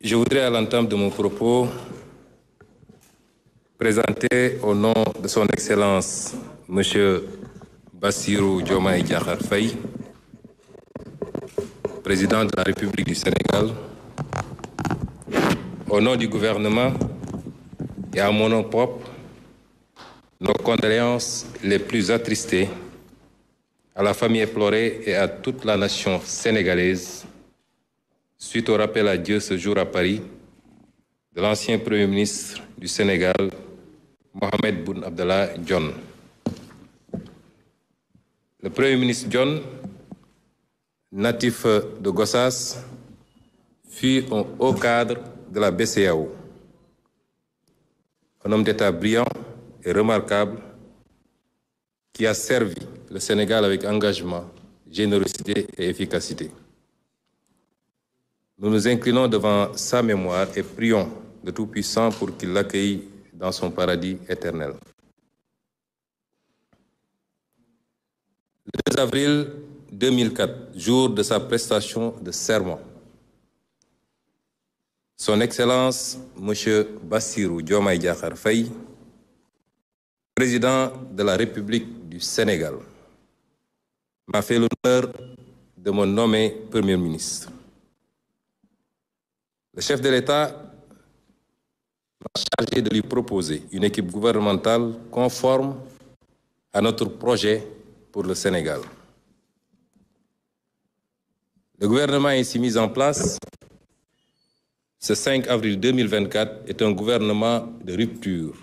Je voudrais, à l'entente de mon propos, présenter au nom de son Excellence, M. Bassirou Diomaye Diakhar Faye, président de la République du Sénégal, au nom du gouvernement et à mon nom propre, nos condoléances les plus attristées à la famille éplorée et à toute la nation sénégalaise suite au rappel à Dieu ce jour à Paris de l'ancien Premier ministre du Sénégal, Mohamed Boun Abdallah John. Le Premier ministre John, natif de Gossas, fut un haut cadre de la BCAO. Un homme d'État brillant et remarquable qui a servi le Sénégal avec engagement, générosité et efficacité. Nous nous inclinons devant sa mémoire et prions le Tout-Puissant pour qu'il l'accueille dans son paradis éternel. Le 2 avril 2004, jour de sa prestation de serment, Son Excellence M. Bassirou Diomaye Diakhar Faye, président de la République du Sénégal, m'a fait l'honneur de me nommer Premier ministre. Le chef de l'État m'a chargé de lui proposer une équipe gouvernementale conforme à notre projet pour le Sénégal. Le gouvernement ainsi mis en place ce 5 avril 2024 est un gouvernement de rupture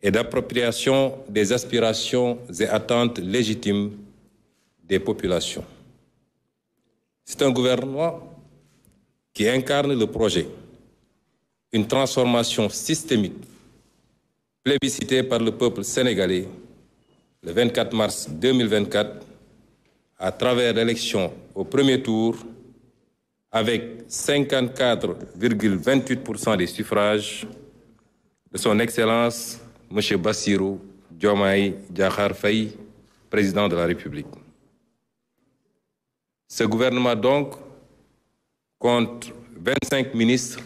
et d'appropriation des aspirations et attentes légitimes des populations. C'est un gouvernement qui incarne le projet, une transformation systémique plébiscitée par le peuple sénégalais le 24 mars 2024 à travers l'élection au premier tour avec 54,28% des suffrages de son Excellence M. Bassirou Diomaye Diakhar Faye, président de la République. Ce gouvernement donc contre 25 ministres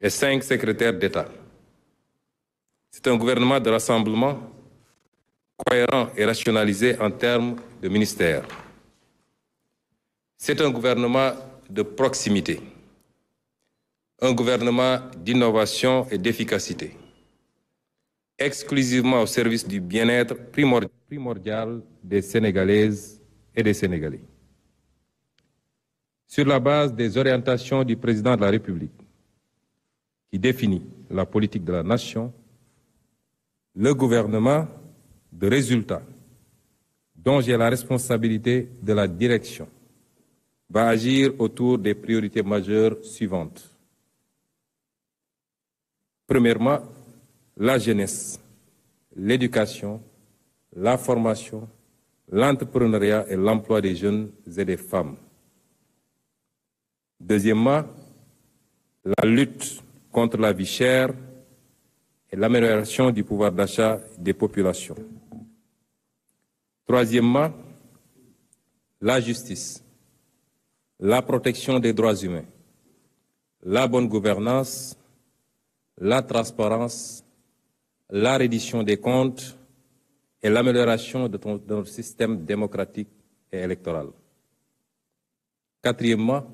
et 5 secrétaires d'État. C'est un gouvernement de rassemblement cohérent et rationalisé en termes de ministère. C'est un gouvernement de proximité, un gouvernement d'innovation et d'efficacité, exclusivement au service du bien-être primordial des Sénégalaises et des Sénégalais sur la base des orientations du président de la République, qui définit la politique de la nation, le gouvernement de résultats, dont j'ai la responsabilité de la direction, va agir autour des priorités majeures suivantes. Premièrement, la jeunesse, l'éducation, la formation, l'entrepreneuriat et l'emploi des jeunes et des femmes. Deuxièmement, la lutte contre la vie chère et l'amélioration du pouvoir d'achat des populations. Troisièmement, la justice, la protection des droits humains, la bonne gouvernance, la transparence, la reddition des comptes et l'amélioration de, de, notre système démocratique et électoral. Quatrièmement,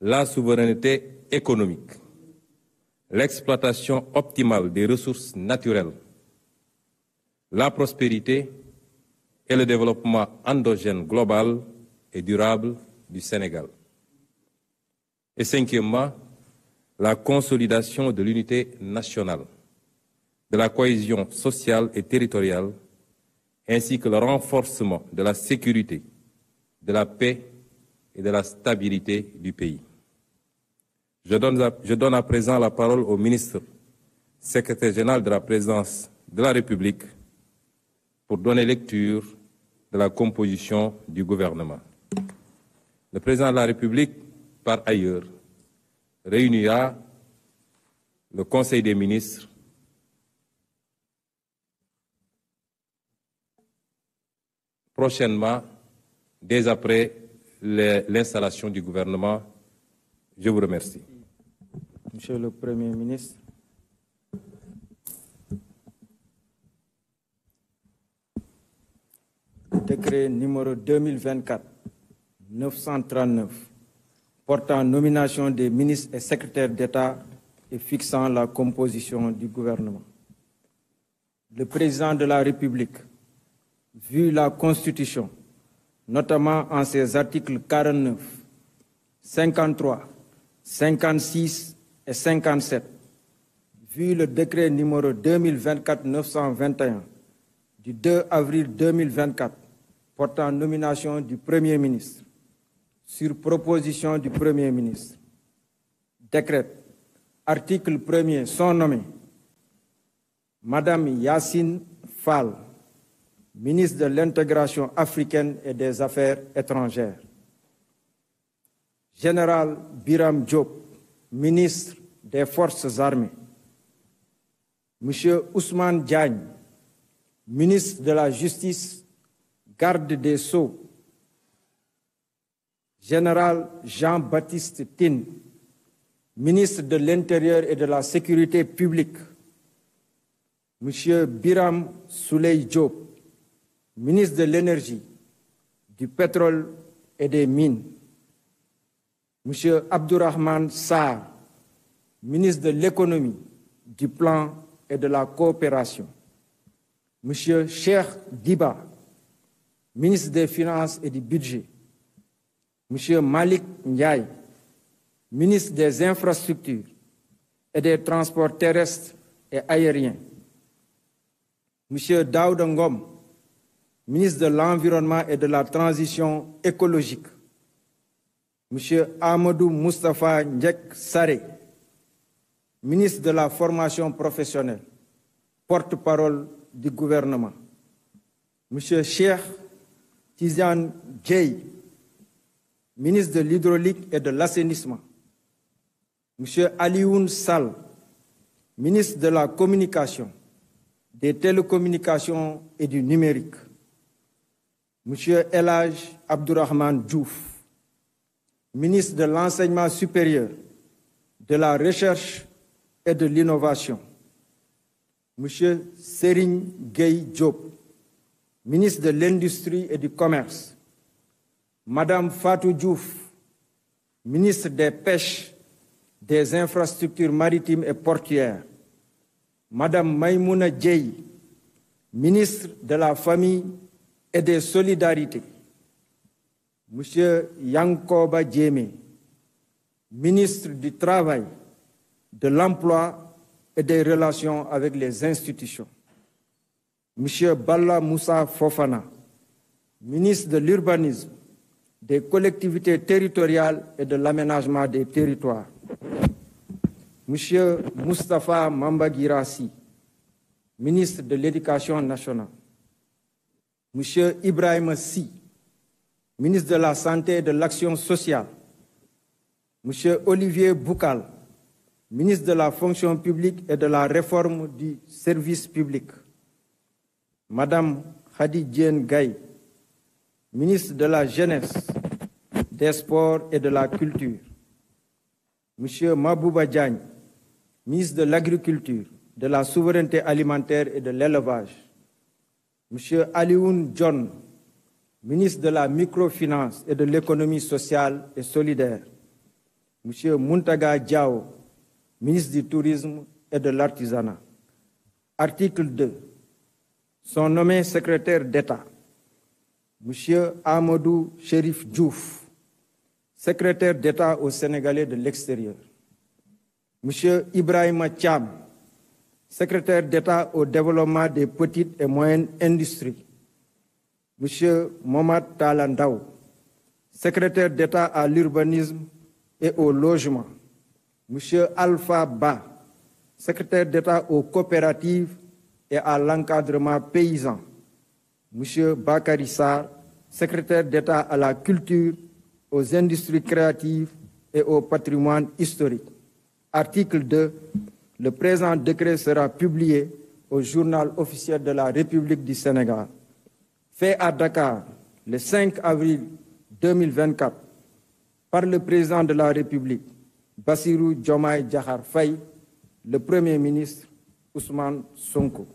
la souveraineté économique, l'exploitation optimale des ressources naturelles, la prospérité et le développement endogène global et durable du Sénégal. Et cinquièmement, la consolidation de l'unité nationale, de la cohésion sociale et territoriale, ainsi que le renforcement de la sécurité, de la paix et de la stabilité du pays. Je donne, à, présent la parole au ministre, secrétaire général de la présidence de la République, pour donner lecture de la composition du gouvernement. Le président de la République, par ailleurs, réunira le Conseil des ministres prochainement, dès après l'installation du gouvernement je vous remercie. Monsieur le Premier ministre. Décret numéro 2024-939 portant nomination des ministres et secrétaires d'État et fixant la composition du gouvernement. Le président de la République, vu la Constitution, notamment en ses articles 49, 53, 56 et 57, vu le décret numéro 2024-921 du 2 avril 2024 portant nomination du Premier ministre sur proposition du Premier ministre. Décret, article 1er, sont nommés Madame Yassine Fall, ministre de l'intégration africaine et des affaires étrangères. Général Biram Diop, ministre des Forces armées, Monsieur Ousmane Diagne, ministre de la Justice, garde des Sceaux, Général Jean-Baptiste Tin, ministre de l'Intérieur et de la Sécurité publique, Monsieur Biram Souley Diop, ministre de l'Énergie, du Pétrole et des Mines, Monsieur Abdourahman Saar, ministre de l'économie, du plan et de la coopération, M. Cheikh Diba, ministre des Finances et du Budget, Monsieur Malik Ndiaye, ministre des Infrastructures et des Transports terrestres et aériens, Monsieur Daoud Ngom, ministre de l'Environnement et de la Transition écologique, Monsieur Amadou Moustapha Njek Saré, ministre de la Formation professionnelle, porte-parole du gouvernement. Monsieur Cheikh Tizian Gay, ministre de l'Hydraulique et de l'Assainissement. Monsieur Alioun Sal, ministre de la Communication, des Télécommunications et du Numérique. Monsieur Elage Abdourahman Djouf, ministre de l'Enseignement supérieur, de la Recherche et de l'Innovation. Monsieur Serine Gay Diop, ministre de l'Industrie et du Commerce. Madame Fatou Diouf, ministre des Pêches, des Infrastructures maritimes et portuaires. Madame Maimouna Djei, ministre de la Famille et des Solidarités. Monsieur Yankoba Djemé, ministre du Travail, de l'Emploi et des Relations avec les institutions. Monsieur Balla Moussa Fofana, ministre de l'Urbanisme, des collectivités territoriales et de l'aménagement des territoires. Monsieur Moustapha Mambagirassi, ministre de l'Éducation nationale. Monsieur Ibrahim Si, ministre de la Santé et de l'Action sociale, Monsieur Olivier Boukal, ministre de la Fonction publique et de la Réforme du Service public, Madame Hadi Gaye, ministre de la Jeunesse, des Sports et de la Culture, Monsieur Mabouba Diagne, ministre de l'Agriculture, de la Souveraineté alimentaire et de l'Élevage, Monsieur Alioun John, ministre de la Microfinance et de l'Économie sociale et solidaire, M. Muntaga Diao, ministre du Tourisme et de l'Artisanat. Article 2. Sont nommés secrétaires d'État M. Amadou Sherif Djouf, secrétaire d'État au Sénégalais de l'extérieur. M. Ibrahima Cham, secrétaire d'État au développement des petites et moyennes industries. M. Mohamed Talandao, secrétaire d'État à l'urbanisme et au logement, Monsieur Alpha Ba, secrétaire d'État aux coopératives et à l'encadrement paysan, M. Bakarissar, secrétaire d'État à la culture, aux industries créatives et au patrimoine historique. Article 2. Le présent décret sera publié au journal officiel de la République du Sénégal fait à Dakar le 5 avril 2024 par le président de la République, Bassirou Diomaye Jahar Faye, le Premier ministre Ousmane Sonko.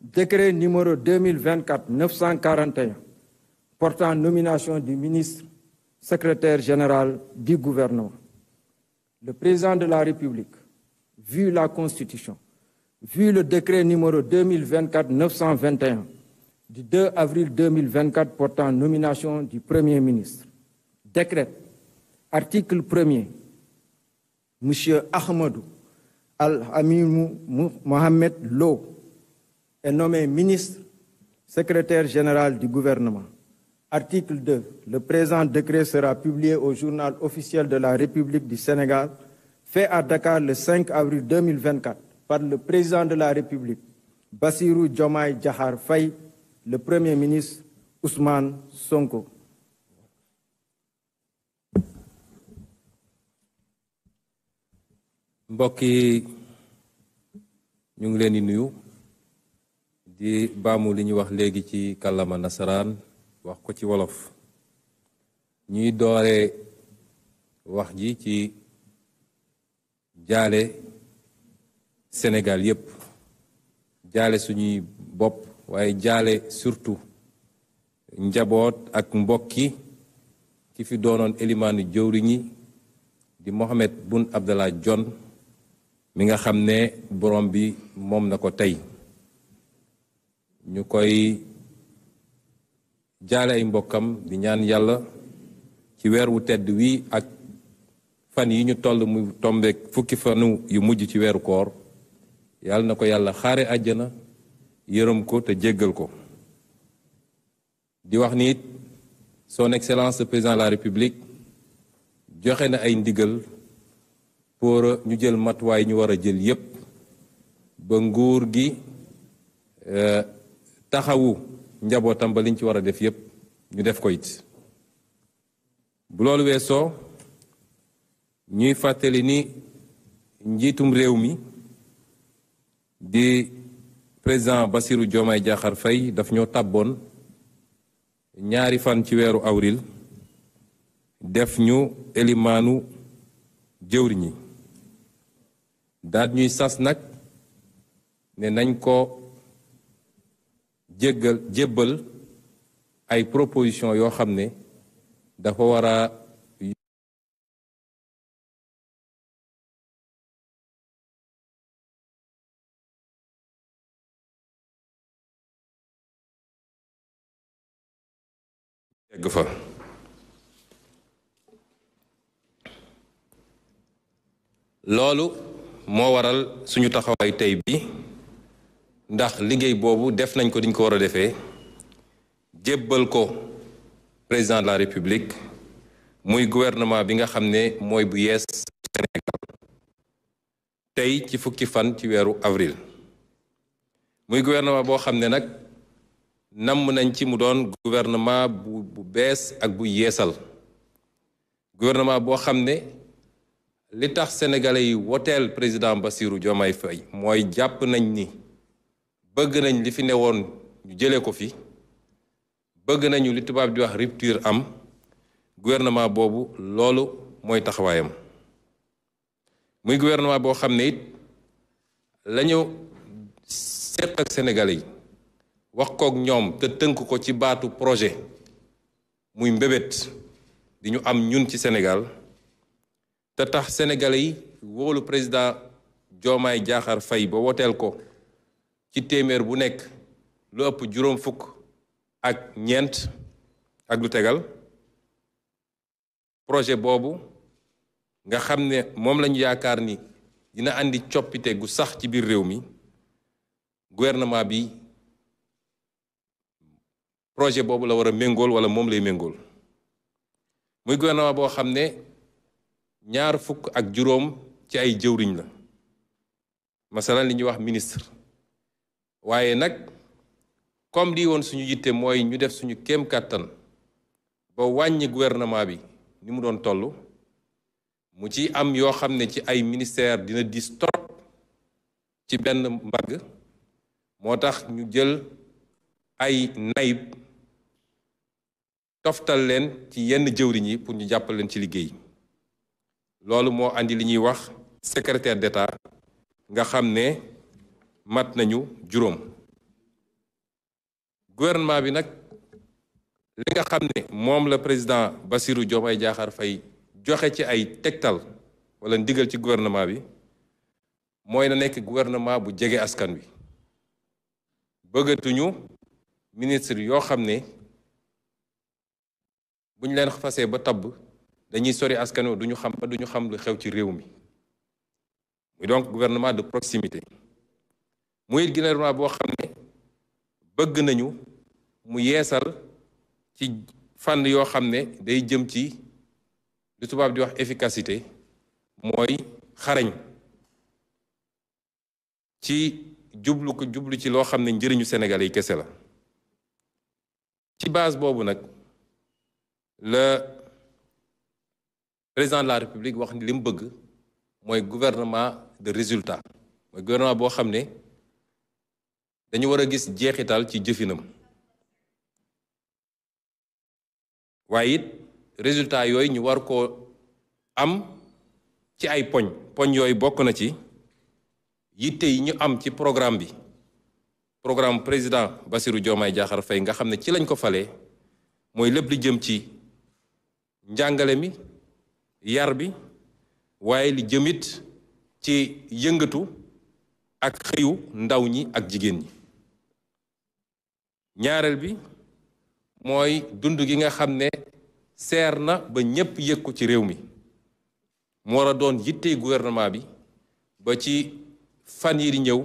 Décret numéro 2024-941 portant nomination du ministre secrétaire général du gouvernement. Le président de la République, vu la Constitution, vu le décret numéro 2024-921 du 2 avril 2024 portant nomination du Premier ministre. Décret, article 1er, M. Ahmadou Al-Amimou Mohamed Lo est nommé ministre, secrétaire général du gouvernement. Article 2. Le présent décret sera publié au journal officiel de la République du Sénégal, fait à Dakar le 5 avril 2024 par le président de la République, Bassirou Diomaye Djahar Faye, le Premier ministre Ousmane Sonko. mbokk yi ñu ngi di nuyu di baamu li ñu wax léegi ci kàllama nasaraan wax ko ci wolof ñuy doore wax ji ci jaale Sénégal yëpp jaale suñuy bopp waaye jaale surtout njaboot ak mbokki ki fi doonoon élimaanu di Mohamed bun Abdallah John, mi nga xam ne borom bi moom na ko tey ñu koy jaale ay mbokkam di ñaan yàlla ci weer wu tedd wii ak fan yi ñu toll mu tombeek fukki fanu yu mujj ci weeru koor yàlla na ko yàlla xaare àjjana yërëm ko te jéggal ko di wax ni it son excellence le président la république joxe na ay ndigal pour ñu jël matuwaay ñu war a jël yépp ba nguur gi euh, taxawu njabootam ba liñ ci war a def yépp ñu def ko it bu loolu weesoo ñuy fàttali ni njiitum réew mi di président Bassirou Diomaye Diakhar Faye daf ñoo tàbboon ñaari fan ci weeru awril def ñu élimaanu jëwriñi daal ñuy sas nag ne nañ ko jéggal jébbal ay proposition yoo xam ne dafa war yegg fa loolu moo waral suñu taxawaay tey bi ndax liggéey boobu def nañ ko diñ ko war a defee jébbal ko président de la république muy gouvernement bi nga xam ne mooy bu yees Sénégal tey ci fukki fan ci weeru avril muy gouvernement boo xam ne nag namm nañ ci mu doon gouvernement bu bu bees ak bu yeesal gouvernement boo xam ne li tax sénégalais yi woteel président Bassirou Diomaye Faye mooy jàpp nañ ni bëgg nañ li fi newoon ñu jëlee ko fi bëgg nañu li tubaab di wax rupture am gouvernement boobu loolu mooy taxawaayam muy gouvernement boo xam ne it la ñu ak sénégalais yi wax kook ñoom te tënk ko ci baatu projet muy mbébét di ñu am ñun ci senegal te tax sénégalais yi wóolu président joomaay Diakhar fay ba woteel ko ci téeméer bu nekk lu ëpp juróom fukk ak ñeent ak lu tegal projet boobu nga xam ne moom lañu yaakaar ni dina indi coppite gu sax ci biir réew mi gouvernement bi projet boobu la war a méngool wala moom lay méngool muy gouvernement boo xam ne ñaar fukk ak juróom ci ay jëwriñ la masalan li ñuy wax ministre waaye nag comme lii woon suñu yitte mooy ñu def suñu kéem kàttan ba wàññi gouvernement bi ni mu doon tollu mu ci am yoo xam ne ci ay ministère dina diis trop ci benn mbagg moo tax ñu jël ay nayib toftal leen ci yenn jëwriñ yi pour ñu jàppaleen ci liggéey loolu moo indi li ñuy wax secrétaire d'État nga xam ne mat nañu juróom gouvernement bi nag li nga xam ne moom la président Bassirou Diomaye Diakhar fay joxe ci ay tegtal wala ndigal ci gouvernement bi mooy na nekk gouvernement bu jege askan wi bëggatuñu ministre yoo xam ne bu ñu leen fasee ba tabb dañuy sori askan duñu xam du ñu xam lu xew ci réew mi donc gouvernement de proximité muy gouvernement boo xam ne bëgg nañu mu yeesal ci fànn yoo xam ne day jëm ci lu tubaab di wax efficacité mooy xarañ ci jublu ko jublu ci loo xam ne njëriñu senegal yi kese la ci base boobu nag. le président de la république wax ni li bëgg mooy gouvernement de résultat mooy gouvernement boo xam ne dañu war a gis jeexital ci jëfinam waaye it résultat yooyu ñu war koo am ci ay poñ poñ yooyu bokk na ci yitte yi ñu am ci programme bi programme président Bassirou joomaay Diakhar fay nga xam ne ci lañ ko falee mooy lépp li jëm ci njàngale mi yar bi waaye li jëmit ci yëngatu ak xëyu ndaw ñi ak jigéen ñi ñaareel bi mooy dund gi nga xam ne seer na ba ñépp yëg ci réew mi mu war doon yittey gouvernement bi ba ci fan yi di ñëw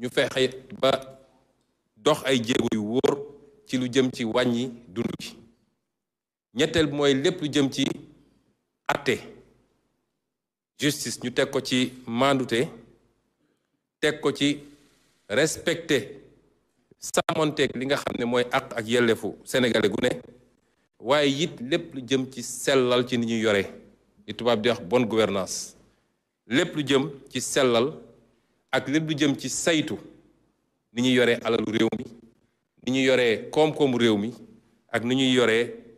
ñu fexe ba dox ay jéego yu wóor ci lu jëm ci wàññi dund gi ñetteel bi mooy lépp lu jëm ci atte justice ñu teg ko ci mandute teg ko ci respecté sàmmonteeg li nga xam ne mooy àq ak yelleefu senegale gu ne waaye it lépp lu jëm ci sellal ci ni ñuy yore li tubaab di wax bonne gouvernance lépp lu jëm ci sellal ak lépp lu jëm ci saytu ni ñuy yore alalu réew mi ni ñuy yoree koom-koomu réew mi ak ni ñuy yoree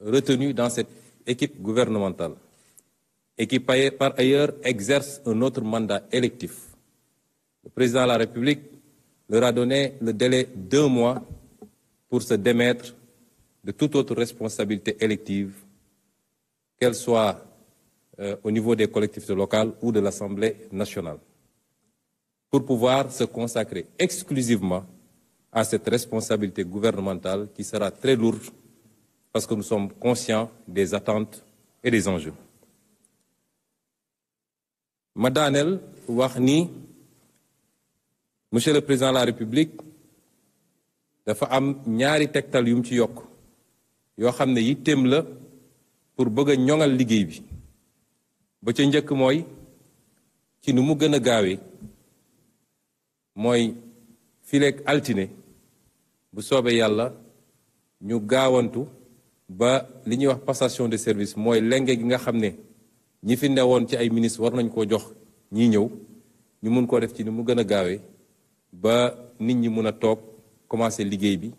Retenu dans cette équipe gouvernementale et qui, par ailleurs, exerce un autre mandat électif. Le président de la République leur a donné le délai de deux mois pour se démettre de toute autre responsabilité élective, qu'elle soit euh, au niveau des collectivités locales ou de l'Assemblée nationale, pour pouvoir se consacrer exclusivement à cette responsabilité gouvernementale qui sera très lourde parce que nous sommes conscients des attentes et des enjeux. ma daaneel wax ni monsieur le président de la république dafa am ñaari tektal yum ci yok yo xam yitem la pour bëgg a ñoŋal liggéey bi ba ca njëkk moy ci nu mu gëna a moy mooy fileek altine bu soobé yalla ñu gaawantu ba li ñuy wax passation de service mooy lenge gi nga xam ne ñi fi newoon ci ay ministre war nañ koo jox ñii ñëw ñu mun koo def ci ni mu gën a gaawee ba nit ñi mun a toog commencé liggéey bi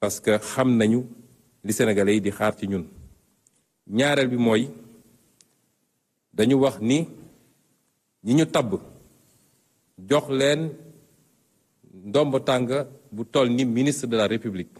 parce que xam nañu li Sénégalais yi di xaar ci ñun ñaareel bi mooy dañu wax ni ñi ñu tabb jox leen ndomb tàng bu toll ni ministre de la République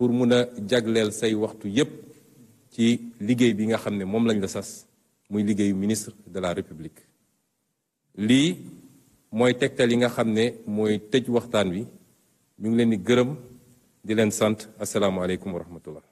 pour mun a jagleel say waxtu yépp ci liggéey bi nga xam ne moom lañ la sas muy liggéeyu ministre de la république lii mooy tegtal yi nga xam ne mooy tëj waxtaan wi ñu ngi leen di gërëm di leen sant asalaamaaleykum wa rahmatullah